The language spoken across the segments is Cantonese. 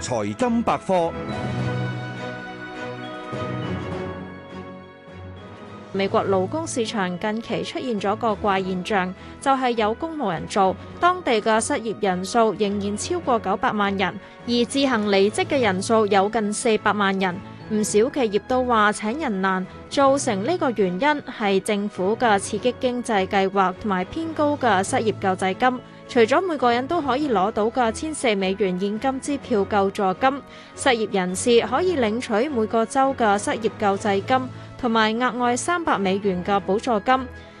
財金百科。美國勞工市場近期出現咗個怪現象，就係有工冇人做，當地嘅失業人數仍然超過九百萬人，而自行離職嘅人數有近四百萬人。唔少企業都話請人難，造成呢個原因係政府嘅刺激經濟計劃同埋偏高嘅失業救濟金。除咗每個人都可以攞到嘅千四美元現金支票救助金，失業人士可以領取每個州嘅失業救濟金，同埋額外三百美元嘅補助金。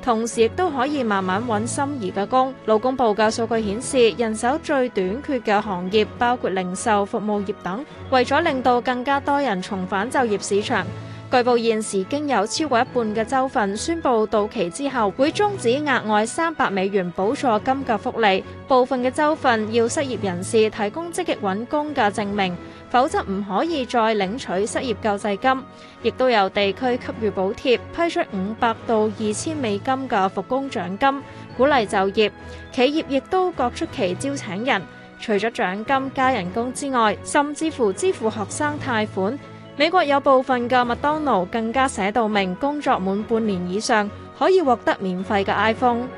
同時亦都可以慢慢揾心儀嘅工。勞工部嘅數據顯示，人手最短缺嘅行業包括零售、服務業等。為咗令到更加多人重返就業市場。據報現時已經有超過一半嘅州份宣布到期之後會終止額外300美元補助金嘅福利，部分嘅州份要失業人士提供積極揾工嘅證明，否則唔可以再領取失業救濟金。亦都有地區給予補貼，批出500到2000美金嘅復工獎金，鼓勵就業。企業亦都各出奇招請人，除咗獎金加人工之外，甚至乎支付學生貸款。美國有部分嘅麥當勞更加寫到明，工作滿半年以上可以獲得免費嘅 iPhone。